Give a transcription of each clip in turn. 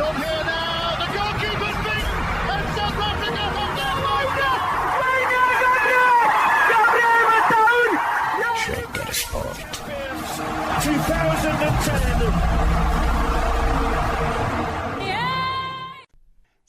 on here.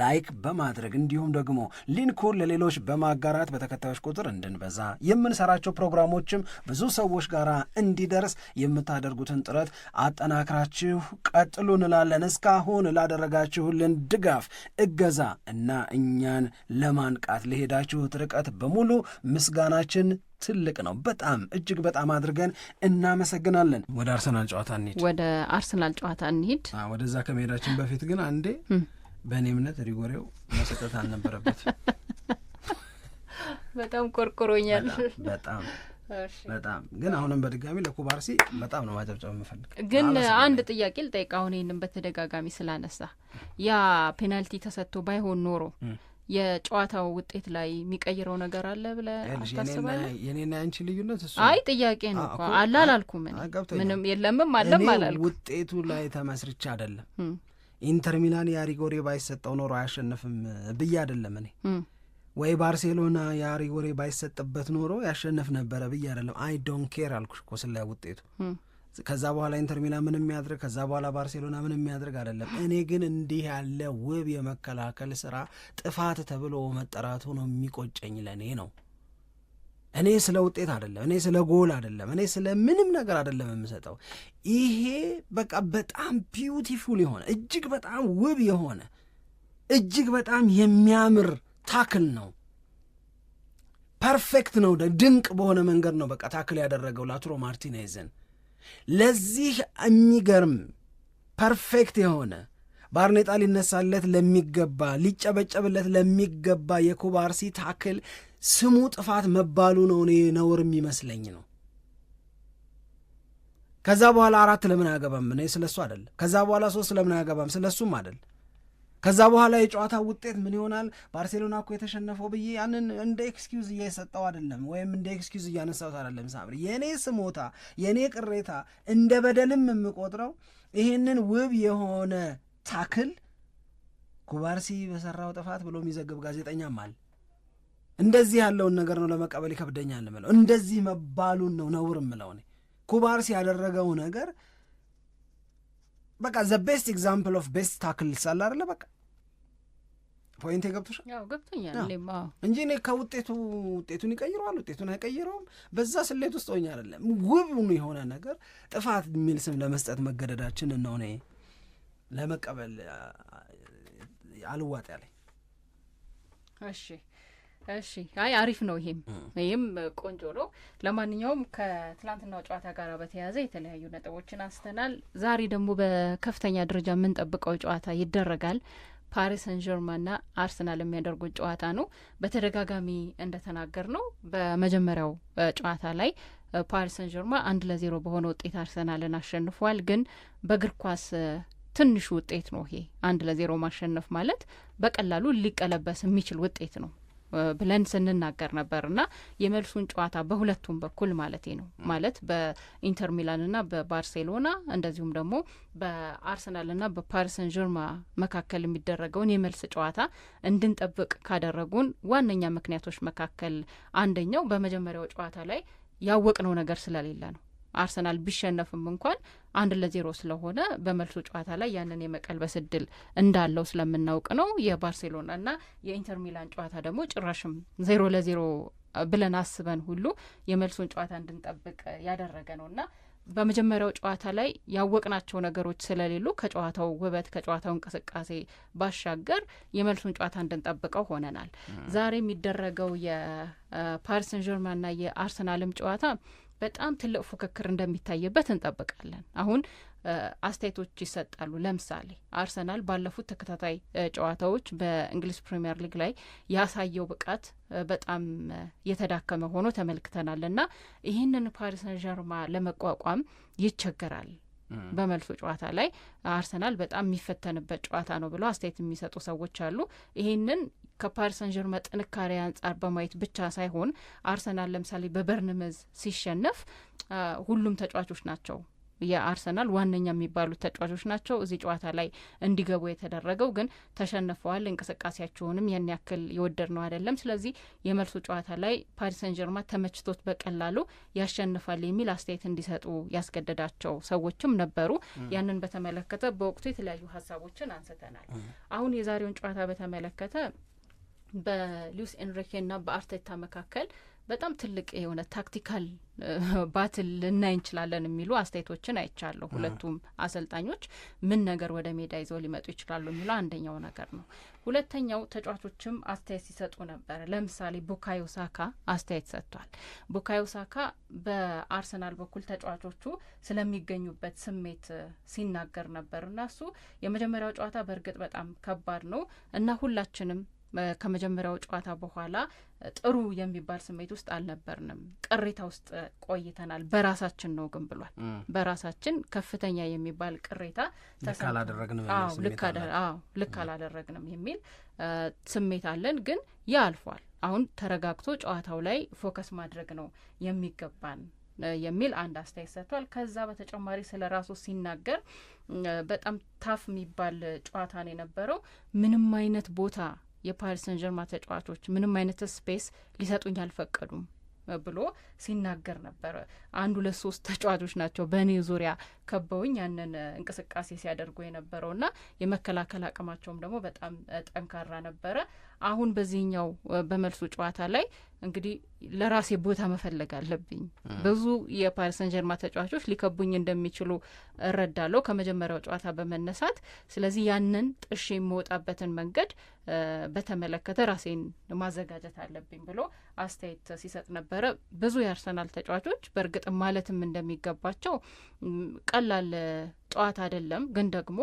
ላይክ በማድረግ እንዲሁም ደግሞ ሊንኩን ለሌሎች በማጋራት በተከታዮች ቁጥር እንድንበዛ የምንሰራቸው ፕሮግራሞችም ብዙ ሰዎች ጋር እንዲደርስ የምታደርጉትን ጥረት አጠናክራችሁ ቀጥሉ እንላለን። እስካሁን ላደረጋችሁልን ድጋፍ፣ እገዛ እና እኛን ለማንቃት ለሄዳችሁት ርቀት በሙሉ ምስጋናችን ትልቅ ነው። በጣም እጅግ በጣም አድርገን እናመሰግናለን። ወደ አርሰናል ጨዋታ እንሂድ። ወደ አርሰናል ጨዋታ እንሂድ። ወደዛ ከመሄዳችን በፊት ግን አንዴ በእኔ እምነት ሪጎሬው መሰጠት አልነበረበት። በጣም ቆርቆሮኛል። በጣም በጣም ግን አሁንም በድጋሚ ለኩባርሲ በጣም ነው ማጨብጨብ የምፈልግ። ግን አንድ ጥያቄ ልጠይቅ። አሁን ይህንም በተደጋጋሚ ስላነሳ ያ ፔናልቲ ተሰጥቶ ባይሆን ኖሮ የጨዋታው ውጤት ላይ የሚቀይረው ነገር አለ ብለ አታስባለህ? የኔና ያንቺ ልዩነት እሱ አይ ጥያቄ ነው እኮ አላላልኩም። ምንም የለምም አለም አላልኩ። ውጤቱ ላይ ተመስርቻ አይደለም ኢንተር ሚላን የአሪጎሬ ባይሰጠው ኖሮ አያሸንፍም ብዬ አይደለም እኔ ወይ ባርሴሎና የአሪጎሬ ባይሰጥበት ኖሮ ያሸንፍ ነበረ ብዬ አይደለም። አይ ዶን ኬር አልኩሽ እኮ ስለ ውጤቱ። ከዛ በኋላ ኢንተር ሚላን ምን የሚያድርግ ከዛ በኋላ ባርሴሎና ምን የሚያድርግ አይደለም። እኔ ግን እንዲህ ያለ ውብ የመከላከል ስራ ጥፋት ተብሎ መጠራቱ ነው የሚቆጨኝ ለእኔ ነው። እኔ ስለ ውጤት አይደለም፣ እኔ ስለ ጎል አይደለም፣ እኔ ስለ ምንም ነገር አይደለም የምሰጠው። ይሄ በቃ በጣም ቢዩቲፉል የሆነ እጅግ በጣም ውብ የሆነ እጅግ በጣም የሚያምር ታክል ነው። ፐርፌክት ነው። ድንቅ በሆነ መንገድ ነው በቃ ታክል ያደረገው ማርቲን ማርቲኔዝን ለዚህ የሚገርም ፐርፌክት የሆነ ባርኔጣ ሊነሳለት ለሚገባ ሊጨበጨብለት ለሚገባ የኩባርሲ ታክል ስሙ ጥፋት መባሉ ነው እኔ ነውር የሚመስለኝ ነው። ከዛ በኋላ አራት ለምን አያገባም? እኔ ስለሱ አይደለም። ከዛ በኋላ ሶስት ለምን አያገባም? ስለሱም አይደለም። ከዛ በኋላ የጨዋታ ውጤት ምን ይሆናል፣ ባርሴሎና እኮ የተሸነፈው ብዬ ያንን እንደ ኤክስኪውዝ እየሰጠው አደለም፣ ወይም እንደ ኤክስኪውዝ እያነሳሁት አደለም። ሳብሪ፣ የእኔ ስሞታ፣ የእኔ ቅሬታ እንደ በደልም የምቆጥረው ይህንን ውብ የሆነ ታክል ኩባርሲ በሰራው ጥፋት ብሎ የሚዘግብ ጋዜጠኛም አለ። እንደዚህ ያለውን ነገር ነው ለመቀበል ይከብደኛል ምለው፣ እንደዚህ መባሉን ነው ነውር ምለው። እኔ ኩባርሲ ያደረገው ነገር በቃ ዘ ቤስት ኤግዛምፕል ኦፍ ቤስት ታክል ሳለ አለ በቃ ፖይንት ገብቶሻል? ገብቶኛል እንጂ እኔ ከውጤቱ ውጤቱን ይቀይረዋል ውጤቱን አይቀይረውም በዛ ስሌት ውስጥ ሆኜ አይደለም። ውብ የሆነ ነገር ጥፋት የሚል ስም ለመስጠት መገደዳችን ነው እኔ ለመቀበል አልዋጥ ያለኝ። እሺ እሺ። አይ አሪፍ ነው። ይሄም ይህም ቆንጆ ነው። ለማንኛውም ከትላንትናው ጨዋታ ጋር በተያያዘ የተለያዩ ነጥቦችን አንስተናል። ዛሬ ደግሞ በከፍተኛ ደረጃ የምንጠብቀው ጨዋታ ይደረጋል። ፓሪስ ሰን ጀርማንና አርሰናል የሚያደርጉት ጨዋታ ነው። በተደጋጋሚ እንደተናገር ነው በመጀመሪያው ጨዋታ ላይ ፓሪስ ሰን ጀርማ አንድ ለዜሮ በሆነ ውጤት አርሰናልን አሸንፏል። ግን በእግር ኳስ ትንሽ ውጤት ነው ይሄ አንድ ለዜሮ ማሸነፍ ማለት በቀላሉ ሊቀለበስ የሚችል ውጤት ነው ብለን ስንናገር ነበርና የመልሱን ጨዋታ በሁለቱም በኩል ማለት ነው ማለት በኢንተር ሚላን ና በባርሴሎና እንደዚሁም ደግሞ ና በፓሪሰን ጀርማ መካከል የሚደረገውን የመልስ ጨዋታ እንድንጠብቅ ካደረጉን ዋነኛ ምክንያቶች መካከል አንደኛው በመጀመሪያው ጨዋታ ላይ ያወቅነው ነገር ስለሌለ ነው። አርሰናል ቢሸነፍም እንኳን አንድ ለዜሮ ስለሆነ በመልሶ ጨዋታ ላይ ያንን የመቀልበስ እድል እንዳለው ስለምናውቅ ነው። የባርሴሎና እና የኢንተር ሚላን ጨዋታ ደግሞ ጭራሽም ዜሮ ለዜሮ ብለን አስበን ሁሉ የመልሶን ጨዋታ እንድንጠብቅ ያደረገ ነውና በመጀመሪያው ጨዋታ ላይ ያወቅናቸው ነገሮች ስለሌሉ ከጨዋታው ውበት ከጨዋታው እንቅስቃሴ ባሻገር የመልሱን ጨዋታ እንድንጠብቀው ሆነናል። ዛሬ የሚደረገው የፓሪስ ሰን ዠርማንና የአርሰናልም ጨዋታ በጣም ትልቅ ፉክክር እንደሚታይበት እንጠብቃለን። አሁን አስተያየቶች ይሰጣሉ። ለምሳሌ አርሰናል ባለፉት ተከታታይ ጨዋታዎች በእንግሊዝ ፕሪምየር ሊግ ላይ ያሳየው ብቃት በጣም የተዳከመ ሆኖ ተመልክተናል እና ይህንን ፓሪሰን ዠርማ ለመቋቋም ይቸገራል። በመልሱ ጨዋታ ላይ አርሰናል በጣም የሚፈተንበት ጨዋታ ነው ብለው አስተያየት የሚሰጡ ሰዎች አሉ። ይህንን ከፓሪስ ሰን ጥንካሬ አንጻር በማየት ብቻ ሳይሆን አርሰናል ለምሳሌ በበርንመዝ ሲሸነፍ ሁሉም ተጫዋቾች ናቸው የአርሰናል ዋነኛ የሚባሉት ተጫዋቾች ናቸው እዚህ ጨዋታ ላይ እንዲገቡ የተደረገው። ግን ተሸንፈዋል። እንቅስቃሴያቸውንም ያን ያክል የወደድ ነው አይደለም። ስለዚህ የመልሱ ጨዋታ ላይ ፓሪስ ሰን ጀርማ ተመችቶት በቀላሉ ያሸንፋል የሚል አስተያየት እንዲሰጡ ያስገደዳቸው ሰዎችም ነበሩ። ያንን በተመለከተ በወቅቱ የተለያዩ ሀሳቦችን አንስተናል። አሁን የዛሬውን ጨዋታ በተመለከተ በሉዊስ ኤንሪኬ ና በአርቴታ መካከል በጣም ትልቅ የሆነ ታክቲካል ባትል ልናይ እንችላለን የሚሉ አስተያየቶችን አይቻለሁ። ሁለቱም አሰልጣኞች ምን ነገር ወደ ሜዳ ይዘው ሊመጡ ይችላሉ የሚለው አንደኛው ነገር ነው። ሁለተኛው ተጫዋቾችም አስተያየት ሲሰጡ ነበረ። ለምሳሌ ቡካዮ ሳካ አስተያየት ሰጥቷል። ቡካዮ ሳካ በአርሰናል በኩል ተጫዋቾቹ ስለሚገኙበት ስሜት ሲናገር ነበር እና እሱ የመጀመሪያው ጨዋታ በእርግጥ በጣም ከባድ ነው እና ሁላችንም ከመጀመሪያው ጨዋታ በኋላ ጥሩ የሚባል ስሜት ውስጥ አልነበርንም፣ ቅሬታ ውስጥ ቆይተናል። በራሳችን ነው ግን ብሏል። በራሳችን ከፍተኛ የሚባል ቅሬታ ልክ አላደረግንም የሚል ስሜት አለን፣ ግን ያ አልፏል። አሁን ተረጋግቶ ጨዋታው ላይ ፎከስ ማድረግ ነው የሚገባን የሚል አንድ አስተያየት ሰጥቷል። ከዛ በተጨማሪ ስለ ራሱ ሲናገር በጣም ታፍ የሚባል ጨዋታ ነው የነበረው ምንም አይነት ቦታ የፓሪስ ሰን ተጫዋቾች ምንም አይነት ስፔስ ሊሰጡኝ አልፈቀዱም ብሎ ሲናገር ነበረ። አንድ ሁለት ሶስት ተጫዋቾች ናቸው በእኔ ዙሪያ ከበውኝ ያንን እንቅስቃሴ ሲያደርጉ የነበረው ና የመከላከል አቅማቸውም ደግሞ በጣም ጠንካራ ነበረ። አሁን በዚህኛው በመልሱ ጨዋታ ላይ እንግዲህ ለራሴ ቦታ መፈለግ አለብኝ። ብዙ የፓሪሰን ጀርማ ተጫዋቾች ሊከቡኝ እንደሚችሉ እረዳለሁ ከመጀመሪያው ጨዋታ በመነሳት ስለዚህ ያንን ጥሽ የሚወጣበትን መንገድ በተመለከተ ራሴን ማዘጋጀት አለብኝ ብሎ አስተያየት ሲሰጥ ነበረ። ብዙ የአርሰናል ተጫዋቾች በእርግጥም ማለትም እንደሚገባቸው ቀላል ጨዋታ አይደለም፣ ግን ደግሞ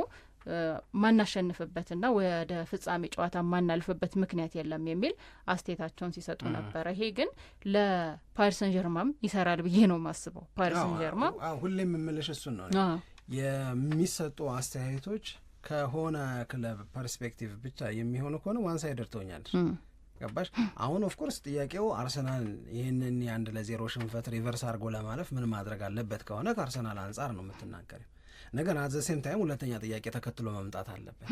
ማናሸንፍበትና ወደ ፍጻሜ ጨዋታ ማናልፍበት ምክንያት የለም የሚል አስተያየታቸውን ሲሰጡ ነበረ። ይሄ ግን ለፓሪሰን ጀርማም ይሰራል ብዬ ነው ማስበው። ፓሪሰን ጀርማም ሁሌ የምመለሽ እሱን ነው የሚሰጡ አስተያየቶች ከሆነ ክለብ ፐርስፔክቲቭ ብቻ የሚሆኑ ከሆነ ዋን ደርተውኛል። ገባሽ? አሁን ኦፍኮርስ ጥያቄው አርሰናል ይህንን የአንድ ለዜሮ ሽንፈት ሪቨርስ አድርጎ ለማለፍ ምን ማድረግ አለበት ከሆነ ከአርሰናል አንጻር ነው የምትናገሪው። ነገር ሴም ታይም ሁለተኛ ጥያቄ ተከትሎ መምጣት አለበት።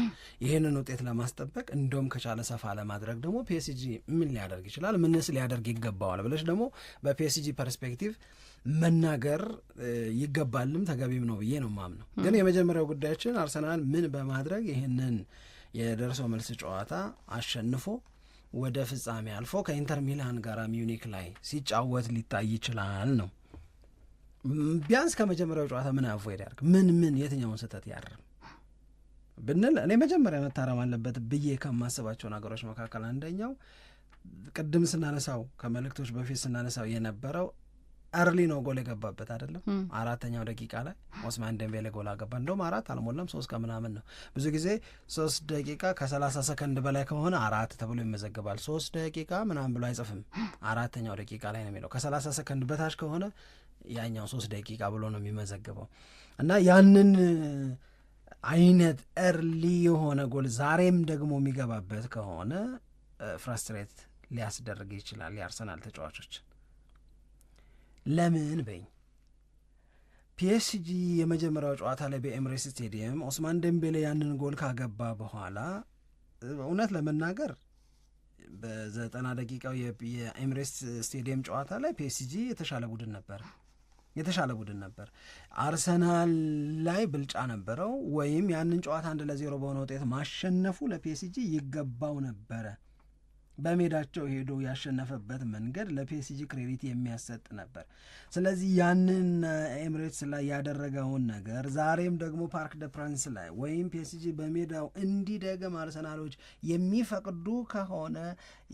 ይህንን ውጤት ለማስጠበቅ እንደውም ከቻለ ሰፋ ለማድረግ ደግሞ ፒኤስጂ ምን ሊያደርግ ይችላል? ምንስ ሊያደርግ ይገባዋል? ብለሽ ደግሞ በፒኤስጂ ፐርስፔክቲቭ መናገር ይገባልም ተገቢም ነው ብዬ ነው ማምነው። ግን የመጀመሪያው ጉዳያችን አርሰናል ምን በማድረግ ይህንን የደርሶ መልስ ጨዋታ አሸንፎ ወደ ፍጻሜ አልፎ ከኢንተር ሚላን ጋር ሚዩኒክ ላይ ሲጫወት ሊታይ ይችላል ነው ቢያንስ ከመጀመሪያው ጨዋታ ምን አቮይድ ያርግ ምን ምን የትኛውን ስህተት ያርም ብንል እኔ መጀመሪያ መታረም አለበት ብዬ ከማስባቸው ነገሮች መካከል አንደኛው ቅድም ስናነሳው ከመልእክቶች በፊት ስናነሳው የነበረው አርሊ ነው ጎል የገባበት አይደለም። አራተኛው ደቂቃ ላይ ኦስማን ደንቤሌ ጎል አገባ። እንደውም አራት አልሞላም ሶስት ከምናምን ነው። ብዙ ጊዜ ሶስት ደቂቃ ከሰላሳ ሰከንድ በላይ ከሆነ አራት ተብሎ ይመዘግባል። ሶስት ደቂቃ ምናምን ብሎ አይጽፍም። አራተኛው ደቂቃ ላይ ነው የሚለው። ከሰላሳ ሰከንድ በታች ከሆነ ያኛው ሶስት ደቂቃ ብሎ ነው የሚመዘግበው እና ያንን አይነት ኤርሊ የሆነ ጎል ዛሬም ደግሞ የሚገባበት ከሆነ ፍራስትሬት ሊያስደርግ ይችላል የአርሰናል ተጫዋቾችን። ለምን በኝ ፒኤስጂ የመጀመሪያው ጨዋታ ላይ በኤምሬስ ስቴዲየም ኦስማን ደምቤሌ ያንን ጎል ካገባ በኋላ እውነት ለመናገር በዘጠና ደቂቃው የኤምሬስ ስቴዲየም ጨዋታ ላይ ፒኤስጂ የተሻለ ቡድን ነበር። የተሻለ ቡድን ነበር። አርሰናል ላይ ብልጫ ነበረው፣ ወይም ያንን ጨዋታ አንድ ለዜሮ በሆነ ውጤት ማሸነፉ ለፒኤስጂ ይገባው ነበረ። በሜዳቸው ሄዶ ያሸነፈበት መንገድ ለፒኤስጂ ክሬዲት የሚያሰጥ ነበር። ስለዚህ ያንን ኤምሬትስ ላይ ያደረገውን ነገር ዛሬም ደግሞ ፓርክ ደ ፕራንስ ላይ ወይም ፒኤስጂ በሜዳው እንዲደግም አርሰናሎች የሚፈቅዱ ከሆነ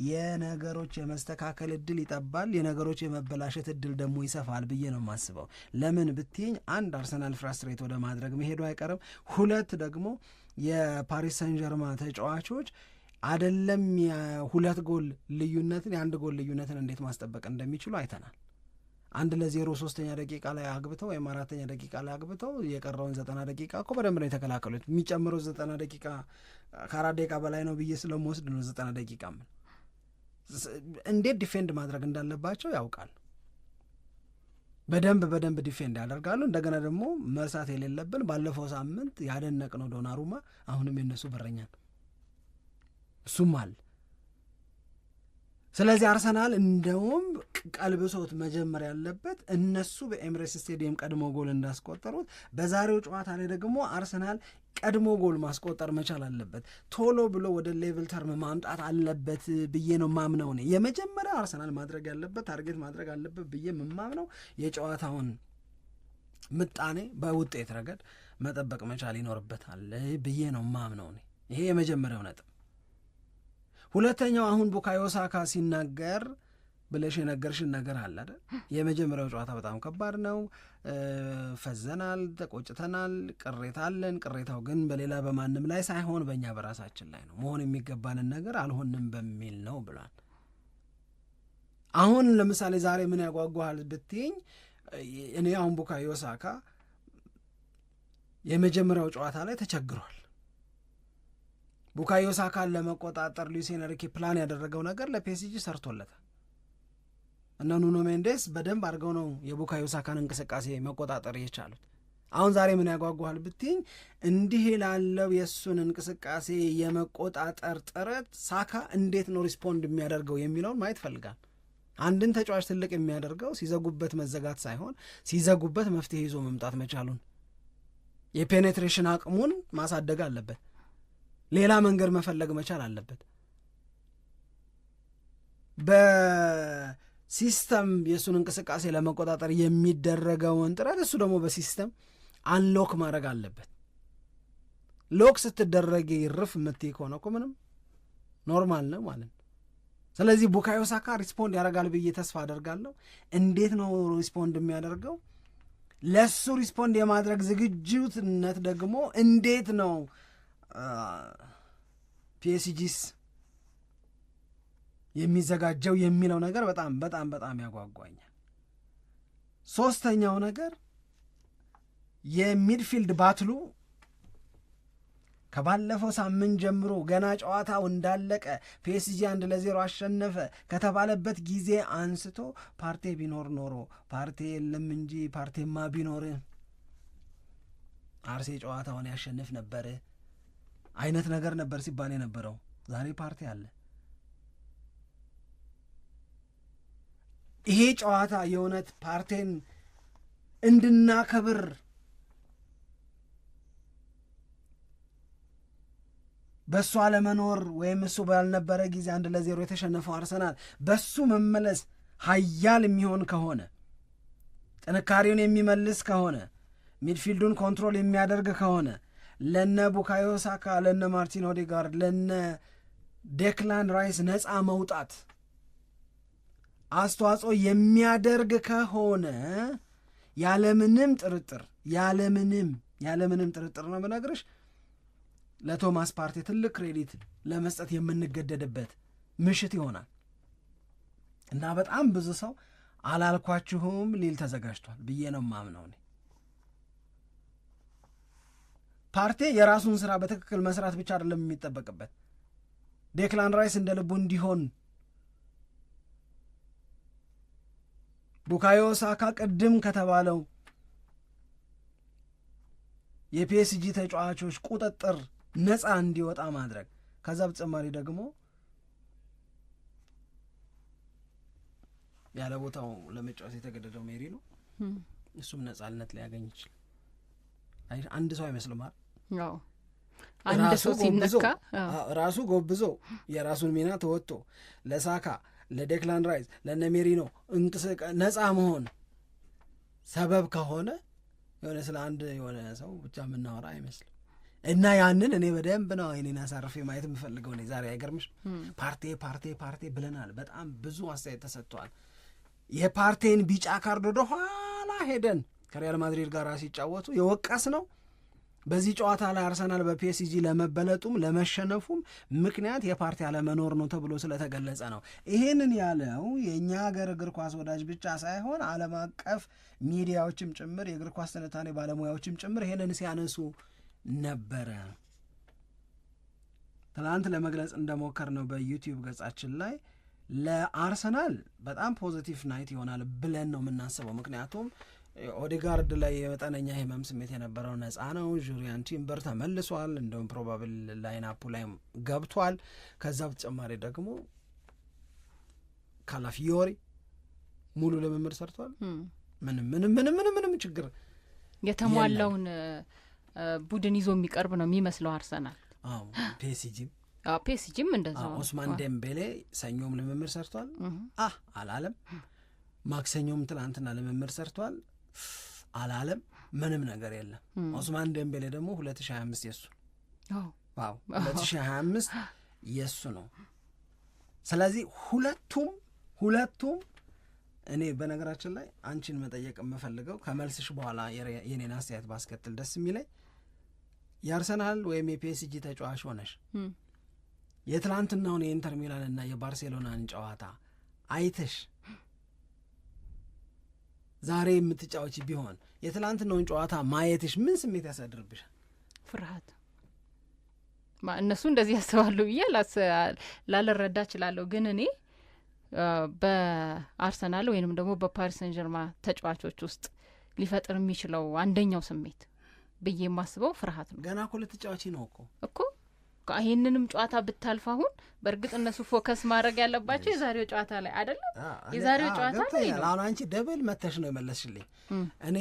የነገሮች የመስተካከል እድል ይጠባል፣ የነገሮች የመበላሸት እድል ደግሞ ይሰፋል ብዬ ነው የማስበው። ለምን ብትኝ አንድ አርሰናል ፍራስትሬት ወደ ማድረግ መሄዱ አይቀርም። ሁለት ደግሞ የፓሪስ ሰን ጀርማ ተጫዋቾች አደለም የሁለት ጎል ልዩነትን የአንድ ጎል ልዩነትን እንዴት ማስጠበቅ እንደሚችሉ አይተናል። አንድ ለዜሮ ሶስተኛ ደቂቃ ላይ አግብተው ወይም አራተኛ ደቂቃ ላይ አግብተው የቀረውን ዘጠና ደቂቃ እኮ በደንብ ነው የተከላከሉት። የሚጨምረው ዘጠና ደቂቃ ከአራት ደቂቃ በላይ ነው ብዬ ስለመወስድ ነው። ዘጠና ደቂቃ ምን እንዴት ዲፌንድ ማድረግ እንዳለባቸው ያውቃል። በደንብ በደንብ ዲፌንድ ያደርጋሉ። እንደገና ደግሞ መርሳት የሌለብን ባለፈው ሳምንት ያደነቅነው ዶናሩማ አሁንም የነሱ በረኛ ነው። እሱም አለ። ስለዚህ አርሰናል እንደውም ቀልብሶት መጀመር ያለበት እነሱ በኤምሬስ ስቴዲየም ቀድሞ ጎል እንዳስቆጠሩት በዛሬው ጨዋታ ላይ ደግሞ አርሰናል ቀድሞ ጎል ማስቆጠር መቻል አለበት። ቶሎ ብሎ ወደ ሌቭል ተርም ማምጣት አለበት ብዬ ነው ማምነው። እኔ የመጀመሪያ አርሰናል ማድረግ ያለበት ታርጌት ማድረግ አለበት ብዬ የምማምነው የጨዋታውን ምጣኔ በውጤት ረገድ መጠበቅ መቻል ይኖርበታል ብዬ ነው ማምነው። እኔ ይሄ የመጀመሪያው ነጥብ ሁለተኛው አሁን ቡካዮ ሳካ ሲናገር ብለሽ የነገርሽን ነገር አለ አይደል? የመጀመሪያው ጨዋታ በጣም ከባድ ነው፣ ፈዘናል፣ ተቆጭተናል፣ ቅሬታ አለን። ቅሬታው ግን በሌላ በማንም ላይ ሳይሆን በእኛ በራሳችን ላይ ነው። መሆን የሚገባንን ነገር አልሆንም በሚል ነው ብሏል። አሁን ለምሳሌ ዛሬ ምን ያጓጓሃል ብትይኝ፣ እኔ አሁን ቡካዮ ሳካ የመጀመሪያው ጨዋታ ላይ ተቸግሯል ቡካዮ ሳካን ለመቆጣጠር ሉዊስ ኤንሪኬ ፕላን ያደረገው ነገር ለፔሲጂ ሰርቶለታል እነ ኑኖ ሜንዴስ በደንብ አድርገው ነው የቡካዮ ሳካን እንቅስቃሴ መቆጣጠር የቻሉት። አሁን ዛሬ ምን ያጓጓል ብትኝ እንዲህ ላለው የእሱን እንቅስቃሴ የመቆጣጠር ጥረት ሳካ እንዴት ነው ሪስፖንድ የሚያደርገው የሚለውን ማየት ፈልጋል። አንድን ተጫዋች ትልቅ የሚያደርገው ሲዘጉበት መዘጋት ሳይሆን ሲዘጉበት መፍትሄ ይዞ መምጣት መቻሉን የፔኔትሬሽን አቅሙን ማሳደግ አለበት። ሌላ መንገድ መፈለግ መቻል አለበት። በሲስተም የእሱን እንቅስቃሴ ለመቆጣጠር የሚደረገውን ጥረት እሱ ደግሞ በሲስተም አንሎክ ማድረግ አለበት። ሎክ ስትደረግ ይርፍ የምትይ ከሆነ እኮ ምንም ኖርማል ነው ማለት ነው። ስለዚህ ቡካዮ ሳካ ሪስፖንድ ያደርጋል ብዬ ተስፋ አደርጋለሁ። እንዴት ነው ሪስፖንድ የሚያደርገው? ለእሱ ሪስፖንድ የማድረግ ዝግጅትነት ደግሞ እንዴት ነው ፒኤስጂስ የሚዘጋጀው የሚለው ነገር በጣም በጣም በጣም ያጓጓኛል። ሶስተኛው ነገር የሚድፊልድ ባትሉ ከባለፈው ሳምንት ጀምሮ ገና ጨዋታው እንዳለቀ ፒኤስጂ አንድ ለዜሮ አሸነፈ ከተባለበት ጊዜ አንስቶ ፓርቴ ቢኖር ኖሮ ፓርቴ የለም እንጂ ፓርቴማ ቢኖር አርሴ ጨዋታውን ያሸንፍ ነበር። አይነት ነገር ነበር ሲባል የነበረው። ዛሬ ፓርቲ አለ። ይሄ ጨዋታ የእውነት ፓርቴን እንድናከብር በእሱ አለመኖር ወይም እሱ ባልነበረ ጊዜ አንድ ለዜሮ የተሸነፈው አርሰናል በሱ መመለስ ሀያል የሚሆን ከሆነ ጥንካሬውን የሚመልስ ከሆነ ሚድፊልዱን ኮንትሮል የሚያደርግ ከሆነ ለነ ቡካዮሳካ ለነ ማርቲን ኦዴጋርድ፣ ለነ ዴክላን ራይስ ነፃ መውጣት አስተዋጽኦ የሚያደርግ ከሆነ ያለምንም ጥርጥር ያለምንም ያለምንም ጥርጥር ነው ብነግርሽ ለቶማስ ፓርቲ ትልቅ ክሬዲት ለመስጠት የምንገደድበት ምሽት ይሆናል እና በጣም ብዙ ሰው አላልኳችሁም ሊል ተዘጋጅቷል ብዬ ነው ማምነው እኔ ፓርቴ የራሱን ስራ በትክክል መስራት ብቻ አይደለም የሚጠበቅበት ዴክላን ራይስ እንደ ልቡ እንዲሆን ቡካዮ ሳካ ቅድም ከተባለው የፒኤስጂ ተጫዋቾች ቁጥጥር ነፃ እንዲወጣ ማድረግ ከዛ በተጨማሪ ደግሞ ያለ ቦታው ለመጫወት የተገደደው ሜሪ ነው። እሱም ነጻነት ሊያገኝ ይችላል። አንድ ሰው አይመስልም አይደል? ራሱ ጎብዞ የራሱን ሚና ተወጥቶ ለሳካ ለዴክላን ራይዝ ለነ ሜሪኖ ነጻ መሆን ሰበብ ከሆነ የሆነ ስለ አንድ የሆነ ሰው ብቻ የምናወራ አይመስልም። እና ያንን እኔ በደንብ ነው አይኔን አሳርፌ ማየት የምፈልገው። ነ ዛሬ አይገርምሽ ፓርቴ ፓርቴ ፓርቴ ብለናል። በጣም ብዙ አስተያየት ተሰጥተዋል። የፓርቴን ቢጫ ካርድ ወደኋላ ሄደን ከሪያል ማድሪድ ጋር ሲጫወቱ የወቀስ ነው በዚህ ጨዋታ ላይ አርሰናል በፒኤስጂ ለመበለጡም ለመሸነፉም ምክንያት የፓርቲ አለመኖር ነው ተብሎ ስለተገለጸ ነው። ይህንን ያለው የእኛ ሀገር እግር ኳስ ወዳጅ ብቻ ሳይሆን ዓለም አቀፍ ሚዲያዎችም ጭምር የእግር ኳስ ትንታኔ ባለሙያዎችም ጭምር ይህንን ሲያነሱ ነበረ። ትናንት ለመግለጽ እንደሞከር ነው በዩቲዩብ ገጻችን ላይ ለአርሰናል በጣም ፖዚቲቭ ናይት ይሆናል ብለን ነው የምናስበው ምክንያቱም ኦዴጋርድ ላይ የመጠነኛ ህመም ስሜት የነበረው ነፃ ነው። ጁሪያን ቲምበር ተመልሷል፣ እንደውም ፕሮባብል ላይናፑ ላይ ገብቷል። ከዛ በተጨማሪ ደግሞ ካላፊዮሪ ሙሉ ልምምድ ሰርቷል። ምንም ምንም ምንም ምንም ምንም ችግር የተሟላውን ቡድን ይዞ የሚቀርብ ነው የሚመስለው አርሰናል። አዎ ፔሲጂም ፔሲጂም እንደዛ ኦስማን ዴምቤሌ ሰኞም ልምምድ ሰርቷል። አ አላለም ማክሰኞም ትላንትና ልምምድ ሰርቷል። አላለም። ምንም ነገር የለም። ኦስማን ደምቤሌ ደግሞ 2025 የሱ ዋው 2025 የሱ ነው። ስለዚህ ሁለቱም ሁለቱም እኔ በነገራችን ላይ አንቺን መጠየቅ የምፈልገው ከመልስሽ በኋላ የኔን አስተያየት ባስከትል ደስ የሚለኝ የአርሰናል ወይም የፒኤስጂ ተጫዋች ሆነሽ የትላንትናውን የኢንተር ሚላንና የባርሴሎናን ጨዋታ አይተሽ ዛሬ የምትጫወች ቢሆን የትላንትናውን ጨዋታ ማየትሽ ምን ስሜት ያሳድርብሻል? ፍርሃት። እነሱ እንደዚህ ያስባሉ ብዬ ላልረዳ እችላለሁ፣ ግን እኔ በአርሰናል ወይንም ደግሞ በፓሪሰን ጀርማ ተጫዋቾች ውስጥ ሊፈጥር የሚችለው አንደኛው ስሜት ብዬ የማስበው ፍርሃት ነው። ገና እኮ ልትጫወቺ ነው እኮ እኮ ይህንንም ጨዋታ ብታልፍ አሁን በእርግጥ እነሱ ፎከስ ማድረግ ያለባቸው የዛሬው ጨዋታ ላይ አይደለም። የዛሬው ጨዋታ ላይ ነው። አሁን አንቺ ደብል መተሽ ነው የመለስሽልኝ። እኔ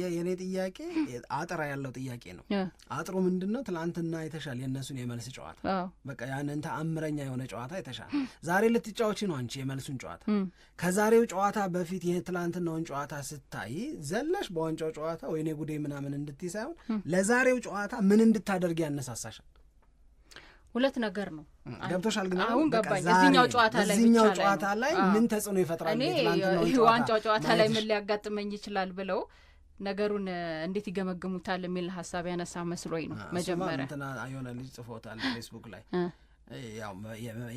የእኔ ጥያቄ አጥራ ያለው ጥያቄ ነው። አጥሩ ምንድን ነው? ትላንትና የተሻል የእነሱን የመልስ ጨዋታ በቃ ያንን ተአምረኛ የሆነ ጨዋታ የተሻል ዛሬ ልትጫዎች ነው አንቺ የመልሱን ጨዋታ። ከዛሬው ጨዋታ በፊት ይህ ትናንትናውን ጨዋታ ስታይ ዘለሽ በዋንጫው ጨዋታ ወይኔ ጉዴ ምናምን እንድትይ ሳይሆን ለዛሬው ጨዋታ ምን እንድታደርግ ያነሳሳሻል? ሁለት ነገር ነው። ገብቶሻል? ግን አሁን ገባኝ። እዚኛው ጨዋታ ላይ እዚኛው ጨዋታ ላይ ምን ተጽዕኖ ይፈጥራል? እኔ ዋንጫው ጨዋታ ላይ ምን ሊያጋጥመኝ ይችላል ብለው ነገሩን እንዴት ይገመግሙታል የሚል ሀሳብ ያነሳ መስሎኝ ነው። መጀመሪያ እንትና የሆነ ልጅ ጽፎታል ፌስቡክ ላይ ያው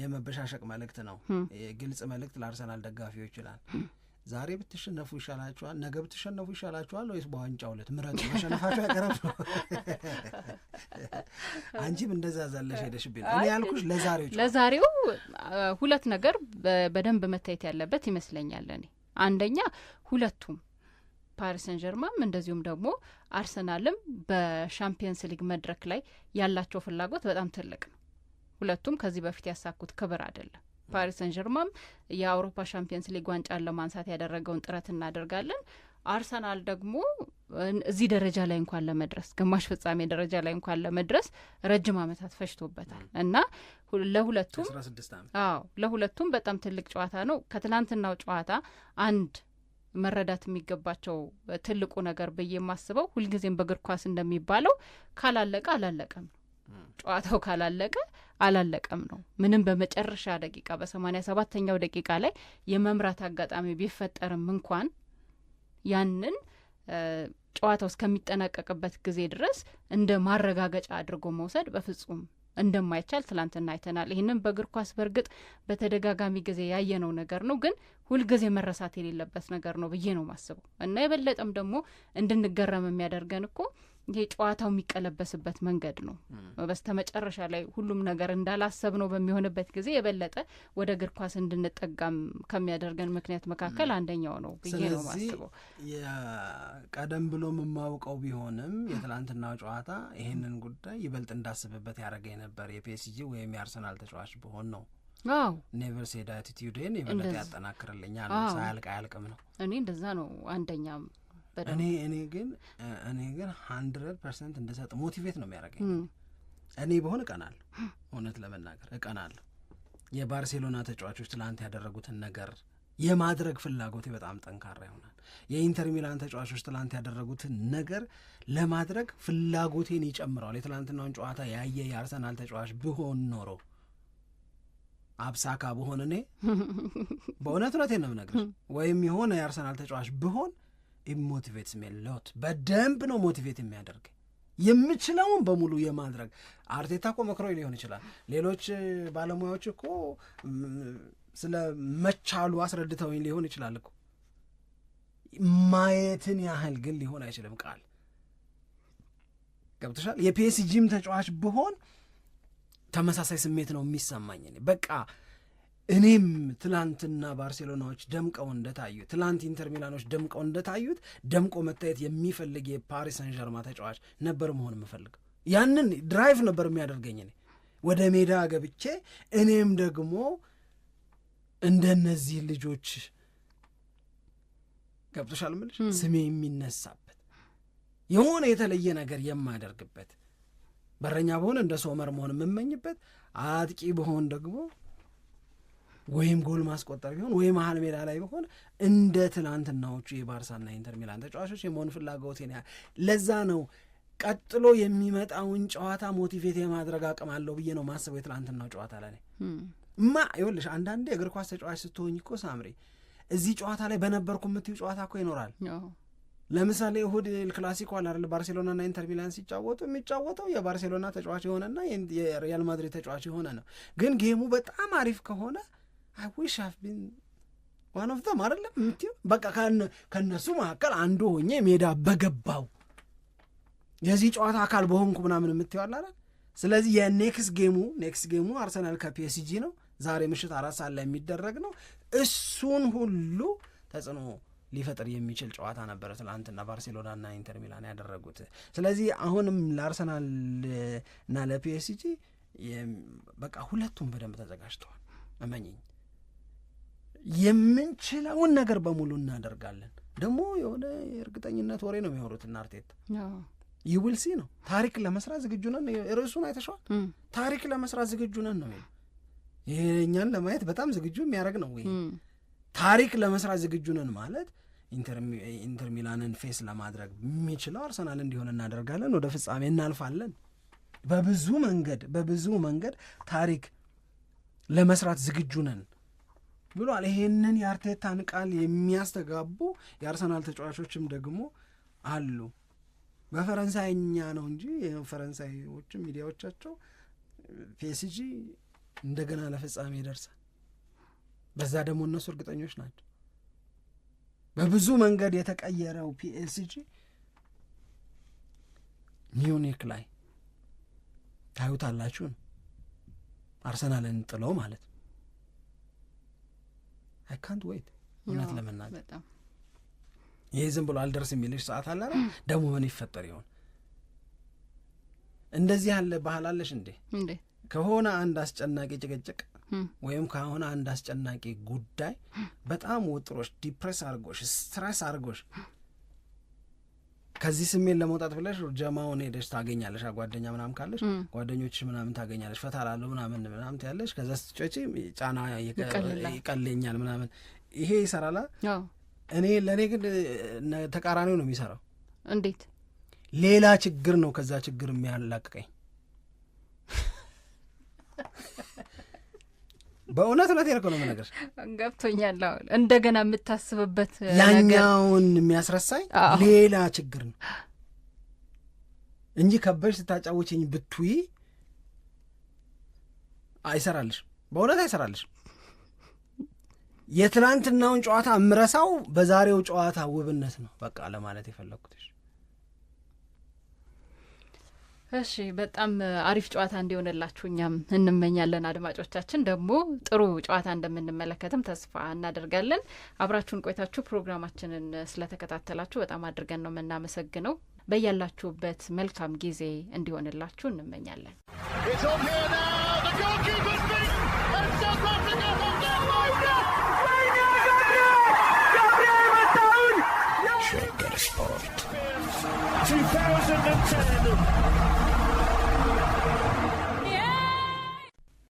የመበሻሸቅ መልእክት ነው። ግልጽ መልእክት ለአርሰናል ደጋፊዎች ይላል። ዛሬ ብትሸነፉ ይሻላችኋል፣ ነገ ብትሸነፉ ይሻላችኋል ወይስ በዋንጫው ዕለት ምረጡ። መሸነፋችሁ ያቀረብ ነው። አንቺም እንደዛ ዛለሽ ሄደሽብኝ። እኔ ያልኩሽ ለዛሬው ለዛሬው ሁለት ነገር በደንብ መታየት ያለበት ይመስለኛል። እኔ አንደኛ ሁለቱም ፓሪስ ሰን ጀርማም እንደዚሁም ደግሞ አርሰናልም በሻምፒየንስ ሊግ መድረክ ላይ ያላቸው ፍላጎት በጣም ትልቅ ነው። ሁለቱም ከዚህ በፊት ያሳኩት ክብር አይደለም። ፓሪስ ሰን ጀርማም የአውሮፓ ሻምፒየንስ ሊግ ዋንጫን ለማንሳት ያደረገውን ጥረት እናደርጋለን። አርሰናል ደግሞ እዚህ ደረጃ ላይ እንኳን ለመድረስ ግማሽ ፍጻሜ ደረጃ ላይ እንኳን ለመድረስ ረጅም ዓመታት ፈጅቶበታል እና ለሁለቱም አዎ ለሁለቱም በጣም ትልቅ ጨዋታ ነው። ከትላንትናው ጨዋታ አንድ መረዳት የሚገባቸው ትልቁ ነገር ብዬ የማስበው ሁልጊዜም በእግር ኳስ እንደሚባለው ካላለቀ አላለቀም ነው ጨዋታው ካላለቀ አላለቀም ነው። ምንም በመጨረሻ ደቂቃ በሰማኒያ ሰባተኛው ደቂቃ ላይ የመምራት አጋጣሚ ቢፈጠርም እንኳን ያንን ጨዋታው እስከሚጠናቀቅበት ጊዜ ድረስ እንደ ማረጋገጫ አድርጎ መውሰድ በፍጹም እንደማይቻል ትላንትና አይተናል። ይህንን በእግር ኳስ በእርግጥ በተደጋጋሚ ጊዜ ያየነው ነገር ነው፣ ግን ሁልጊዜ መረሳት የሌለበት ነገር ነው ብዬ ነው ማስበው እና የበለጠም ደግሞ እንድንገረም የሚያደርገን እኮ ይሄ ጨዋታው የሚቀለበስበት መንገድ ነው። በስተ መጨረሻ ላይ ሁሉም ነገር እንዳላሰብ ነው በሚሆንበት ጊዜ የበለጠ ወደ እግር ኳስ እንድንጠጋም ከሚያደርገን ምክንያት መካከል አንደኛው ነው ብዬ ነው ማስበው። ቀደም ብሎ የማውቀው ቢሆንም የትላንትናው ጨዋታ ይህንን ጉዳይ ይበልጥ እንዳስብበት ያደረገ ነበር። የፒኤስጂ ወይም የአርሰናል ተጫዋች ብሆን ነው አዎ ኔቨር ሴድ አቲቲዩዴን የበለጠ ያጠናክርልኛል። ሳያልቅ አያልቅም ነው። እኔ እንደዛ ነው አንደኛም እኔ እኔ ግን እኔ ግን ሀንድረድ ፐርሰንት እንደሰጥ ሞቲቬት ነው የሚያደርገኝ። እኔ በሆን እቀናል እውነት ለመናገር እቀናል። የባርሴሎና ተጫዋቾች ትላንት ያደረጉትን ነገር የማድረግ ፍላጎቴ በጣም ጠንካራ ይሆናል። የኢንተር ሚላን ተጫዋቾች ትላንት ያደረጉትን ነገር ለማድረግ ፍላጎቴን ይጨምረዋል። የትላንትናውን ጨዋታ ያየ የአርሰናል ተጫዋች ብሆን ኖሮ አብሳካ ብሆን እኔ በእውነት እውነቴን ነው የምነግርሽ፣ ወይም የሆነ የአርሰናል ተጫዋች ብሆን ኢሞቲቬት ሜሎት በደንብ ነው ሞቲቬት የሚያደርግ የምችለውን በሙሉ የማድረግ አርቴታ እኮ መክሮኝ ሊሆን ይችላል። ሌሎች ባለሙያዎች እኮ ስለ መቻሉ አስረድተውኝ ሊሆን ይችላል እኮ ማየትን ያህል ግን ሊሆን አይችልም። ቃል ገብቶሻል። የፒኤስጂም ተጫዋች ብሆን ተመሳሳይ ስሜት ነው የሚሰማኝ በቃ እኔም ትላንትና ባርሴሎናዎች ደምቀው እንደታዩ ትላንት ኢንተር ሚላኖች ደምቀው እንደታዩት ደምቆ መታየት የሚፈልግ የፓሪስ ሳን ዠርማ ተጫዋች ነበር መሆን የምፈልገው። ያንን ድራይቭ ነበር የሚያደርገኝ እኔ ወደ ሜዳ ገብቼ እኔም ደግሞ እንደነዚህ ልጆች ገብቶሻል ምልሽ ስሜ የሚነሳበት የሆነ የተለየ ነገር የማደርግበት በረኛ በሆን እንደ ሶመር መሆን የምመኝበት አጥቂ በሆን ደግሞ ወይም ጎል ማስቆጠር ቢሆን ወይ መሀል ሜዳ ላይ ቢሆን እንደ ትናንትናዎቹ የባርሳና ኢንተር ሚላን ተጫዋቾች የመሆን ፍላጎቴን ያ ለዛ ነው ቀጥሎ የሚመጣውን ጨዋታ ሞቲቬት የማድረግ አቅም አለው ብዬ ነው ማስበው። የትናንትናው ጨዋታ ላይ እማ ይኸውልሽ አንዳንዴ እግር ኳስ ተጫዋች ስትሆኝ እኮ ሳምሬ እዚህ ጨዋታ ላይ በነበርኩ የምትዩ ጨዋታ እኮ ይኖራል። ለምሳሌ እሁድ ክላሲኮ አለ ባርሴሎና ና ኢንተር ሚላን ሲጫወቱ የሚጫወተው የባርሴሎና ተጫዋች የሆነና የሪያል ማድሪድ ተጫዋች የሆነ ነው። ግን ጌሙ በጣም አሪፍ ከሆነ አይ ዊሽ አፍ ቢን ዋን ኦፍ ዘም አይደለም የምትይው። በቃ ከእነሱ መካከል አንዱ ሆኜ ሜዳ በገባው የዚህ ጨዋታ አካል በሆንኩ ምናምን የምትይው ስለዚህ የኔክስት ጌሙ ኔክስት ጌሙ አርሰናል ከፒኤስጂ ነው። ዛሬ ምሽት አራት ሰዓት ላይ የሚደረግ ነው። እሱን ሁሉ ተጽዕኖ ሊፈጥር የሚችል ጨዋታ ነበረ ባርሴሎና ባርሴሎናና ኢንተር ሚላን ያደረጉት። ስለዚህ አሁንም ለአርሰናል ና ለፒኤስጂ በቃ ሁለቱም በደንብ ተዘጋጅተዋል እመኝኝ። የምንችለውን ነገር በሙሉ እናደርጋለን። ደግሞ የሆነ የእርግጠኝነት ወሬ ነው የሚያወሩት እና አርቴታ ይውልሲ ነው ታሪክ ለመስራት ዝግጁ ነን። ርዕሱን አይተሸዋል። ታሪክ ለመስራት ዝግጁ ነን ነው ይህኛን ለማየት በጣም ዝግጁ የሚያደርግ ነው። ታሪክ ለመስራት ዝግጁ ነን ማለት ኢንተር ሚላንን ፌስ ለማድረግ የሚችለው አርሰናል እንዲሆን እናደርጋለን። ወደ ፍጻሜ እናልፋለን። በብዙ መንገድ በብዙ መንገድ ታሪክ ለመስራት ዝግጁ ነን ብሏል። ይሄንን የአርቴታን ቃል የሚያስተጋቡ የአርሰናል ተጫዋቾችም ደግሞ አሉ። በፈረንሳይኛ ነው እንጂ የፈረንሳዮች ሚዲያዎቻቸው ፒኤስጂ እንደገና ለፍጻሜ ይደርሳል፣ በዛ ደግሞ እነሱ እርግጠኞች ናቸው። በብዙ መንገድ የተቀየረው ፒኤስጂ ሚዩኒክ ላይ ታዩታላችሁ ነው አርሰናልን ጥሎ ማለት ነው። አይ ካንት ወይት እውነት ለመናገር ይሄ ዝም ብሎ አልደርስ የሚልሽ ሰዓት አለ ደግሞ ምን ይፈጠር ይሆን? እንደዚህ ያለ ባህል አለሽ እንዴ? ከሆነ አንድ አስጨናቂ ጭቅጭቅ ወይም ከሆነ አንድ አስጨናቂ ጉዳይ በጣም ውጥሮሽ ዲፕሬስ አርጎሽ ስትረስ አርጎሽ ከዚህ ስሜት ለመውጣት ብለሽ ጀማውን ሄደሽ ታገኛለሽ፣ ጓደኛ ምናምን ካለሽ ጓደኞች ምናምን ታገኛለሽ፣ ፈታ ምናምን ምናምን ያለሽ ከዛ ስትጮጪ ጫና ይቀለኛል ምናምን ይሄ ይሰራላ። እኔ ለእኔ ግን ተቃራኒው ነው የሚሰራው። እንዴት ሌላ ችግር ነው ከዛ ችግር የሚያላቅቀኝ በእውነት እውነት ነው የምነግርሽ። ገብቶኛል። አሁን እንደገና የምታስብበት ያኛውን የሚያስረሳኝ ሌላ ችግር ነው እንጂ ከበሽ ስታጫወችኝ ብትይ አይሰራልሽ፣ በእውነት አይሰራልሽ። የትናንትናውን ጨዋታ እምረሳው በዛሬው ጨዋታ ውብነት ነው። በቃ ለማለት የፈለግኩትሽ እሺ በጣም አሪፍ ጨዋታ እንዲሆንላችሁ እኛም እንመኛለን። አድማጮቻችን ደግሞ ጥሩ ጨዋታ እንደምንመለከትም ተስፋ እናደርጋለን። አብራችሁን ቆይታችሁ ፕሮግራማችንን ስለተከታተላችሁ በጣም አድርገን ነው የምናመሰግነው። በያላችሁበት መልካም ጊዜ እንዲሆንላችሁ እንመኛለን።